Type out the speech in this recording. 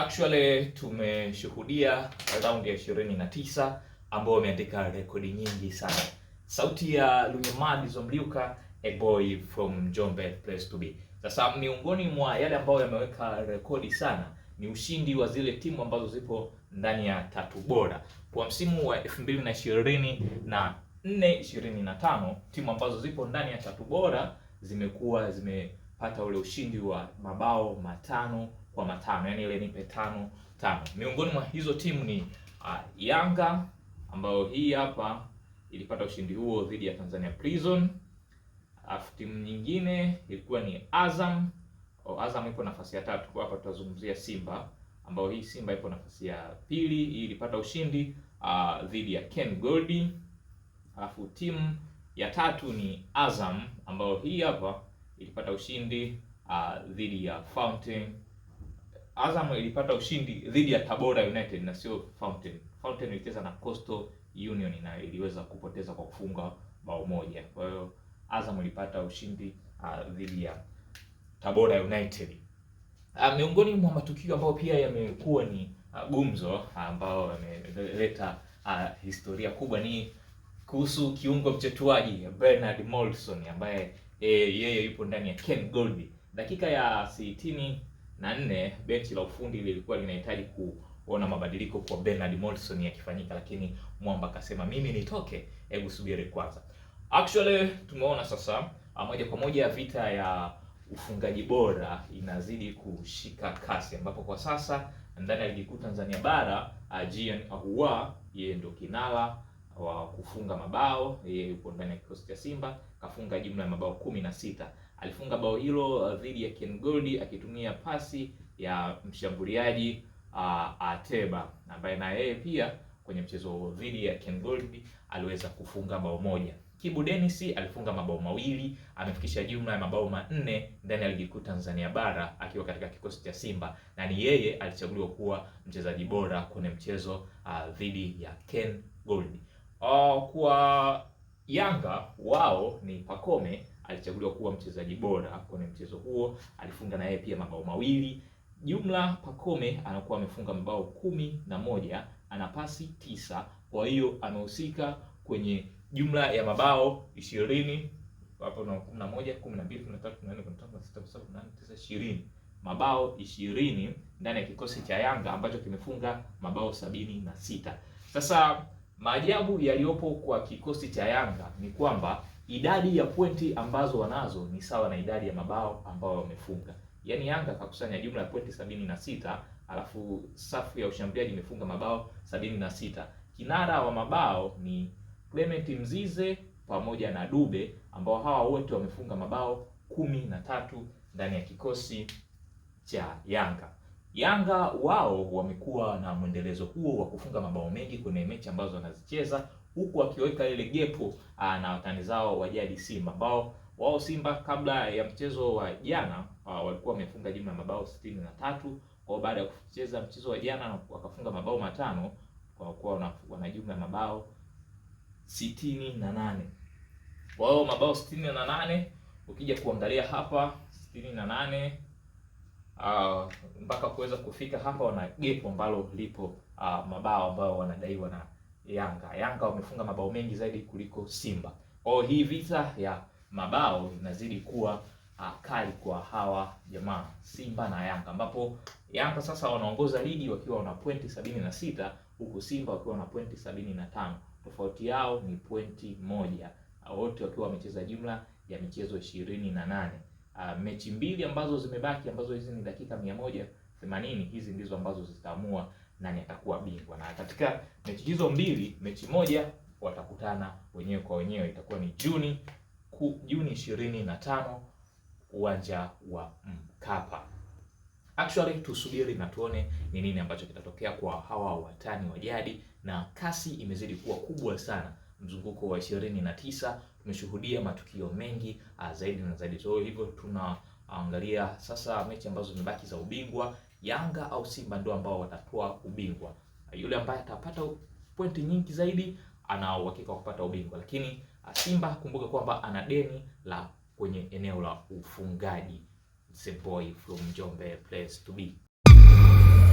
Actually tumeshuhudia raundi ya ishirini na tisa ambayo imeandika rekodi nyingi sana. Sauti ya Lunyamadi Zomliuka, a boy from Jombe, place to be. Sasa miongoni mwa yale ambayo yameweka rekodi sana ni ushindi wa zile timu ambazo zipo ndani ya tatu bora kwa msimu wa 2024 na 25, timu ambazo zipo ndani ya tatu bora zimekuwa zimepata ule ushindi wa mabao matano kwa matano, yani ile ni petano tano. Miongoni mwa hizo timu ni uh, Yanga ambayo hii hapa ilipata ushindi huo dhidi ya Tanzania Prison. Alafu timu nyingine ilikuwa ni Azam. O, oh, Azam ipo nafasi ya tatu kwa hapa, tutazungumzia Simba ambayo hii Simba ipo nafasi ya pili, hii ilipata ushindi uh, dhidi ya Ken Goldi. Alafu timu ya tatu ni Azam ambayo hii hapa ilipata ushindi uh, dhidi ya Fountain Azam ilipata ushindi dhidi ya Tabora United na sio Fountain. Fountain ilicheza na Coastal Union na iliweza kupoteza kwa kufunga bao moja. Kwa hiyo Azam ilipata ushindi uh, dhidi ya Tabora United. Uh, miongoni mwa matukio ambayo pia yamekuwa ni uh, gumzo ambayo yameleta uh, historia kubwa ni kuhusu kiungo mchetuaji Bernard Molson ambaye eh, yeye yupo ndani ya Ken Gold. Dakika ya sitini na nne, benchi la ufundi lilikuwa linahitaji kuona mabadiliko kwa Bernard Morrison yakifanyika, lakini Mwamba akasema mimi nitoke, hebu subiri kwanza. Actually tumeona sasa ah, moja kwa moja vita ya ufungaji bora inazidi kushika kasi, ambapo kwa sasa ndani ya ligi kuu Tanzania bara Jean ah, Ahoua yeye ndio kinara wa kufunga mabao. Yeye yupo ndani ya kikosi cha Simba kafunga jumla ya mabao kumi na sita alifunga bao hilo uh, dhidi ya Ken Gold akitumia pasi ya mshambuliaji uh, Ateba ambaye na yeye pia kwenye mchezo huo dhidi ya Ken Gold aliweza kufunga bao moja. Kibu Dennis alifunga mabao mawili, amefikisha jumla ya mabao manne ndani ya ligi kuu Tanzania bara akiwa katika kikosi cha Simba, na ni yeye alichaguliwa kuwa mchezaji bora kwenye mchezo uh, dhidi ya Ken Gold. Uh, kwa Yanga wao ni pakome alichaguliwa kuwa mchezaji bora kwenye mchezo huo, alifunga na yeye pia mabao mawili. Jumla Pacome anakuwa amefunga mabao kumi na moja, ana pasi tisa, kwa hiyo amehusika kwenye jumla ya mabao ishirini hapo na 11 12 13 14 15 16 17 18 20 mabao ishirini ndani ya kikosi cha Yanga ambacho kimefunga mabao sabini na sita. Sasa maajabu yaliyopo kwa kikosi cha Yanga ni kwamba idadi ya pointi ambazo wanazo ni sawa na idadi ya mabao ambayo wamefunga. Yaani Yanga akakusanya jumla ya pointi sabini na sita alafu safu ya ushambuliaji imefunga mabao sabini na sita. Kinara wa mabao ni Clement Mzize pamoja na Dube ambao hawa wote wamefunga mabao kumi na tatu ndani ya kikosi cha Yanga. Yanga wao wamekuwa na mwendelezo huo wa kufunga mabao mengi kwenye mechi ambazo wanazicheza, huku akiweka ile gepo ah, na watani zao wa jadi Simba ambao wao Simba kabla ya mchezo wa jana ah, walikuwa wamefunga jumla ya mabao sitini na tatu. Kwa baada ya kucheza mchezo wa jana wakafunga mabao matano kwa kuwa wana jumla ya mabao sitini na nane. Kwa hiyo mabao sitini na nane ukija kuangalia hapa sitini na nane uh, mpaka kuweza kufika hapa wana gepo ambalo lipo uh, mabao ambayo wanadaiwa na Yanga. Yanga wamefunga mabao mengi zaidi kuliko Simba. Kwa oh, hii vita ya mabao inazidi kuwa uh, kali kwa hawa jamaa Simba na Yanga, ambapo Yanga sasa wanaongoza ligi wakiwa na pointi sabini na sita huku Simba wakiwa na pointi sabini na tano tofauti yao ni pointi moja, wote wakiwa wamecheza jumla ya michezo ishirini na nane uh, mechi mbili ambazo zimebaki ambazo hizi ni dakika 180, hizi ndizo ambazo zitaamua nani atakuwa bingwa, na katika mechi hizo mbili, mechi moja watakutana wenyewe kwa wenyewe, itakuwa ni Juni ku, Juni 25 uwanja wa Mkapa. Actually tusubiri na tuone ni nini ambacho kitatokea kwa hawa watani wa jadi, na kasi imezidi kuwa kubwa sana mzunguko wa ishirini na tisa tumeshuhudia matukio mengi uh, zaidi na zaidi. So hivyo tunaangalia sasa mechi ambazo zimebaki za ubingwa. Yanga au Simba ndio ambao watatoa ubingwa. Ah, yule ambaye atapata pointi nyingi zaidi ana uhakika wa kupata ubingwa, lakini ah, Simba kumbuka kwamba ana deni la kwenye eneo la ufungaji. It's boy from Njombe place to be.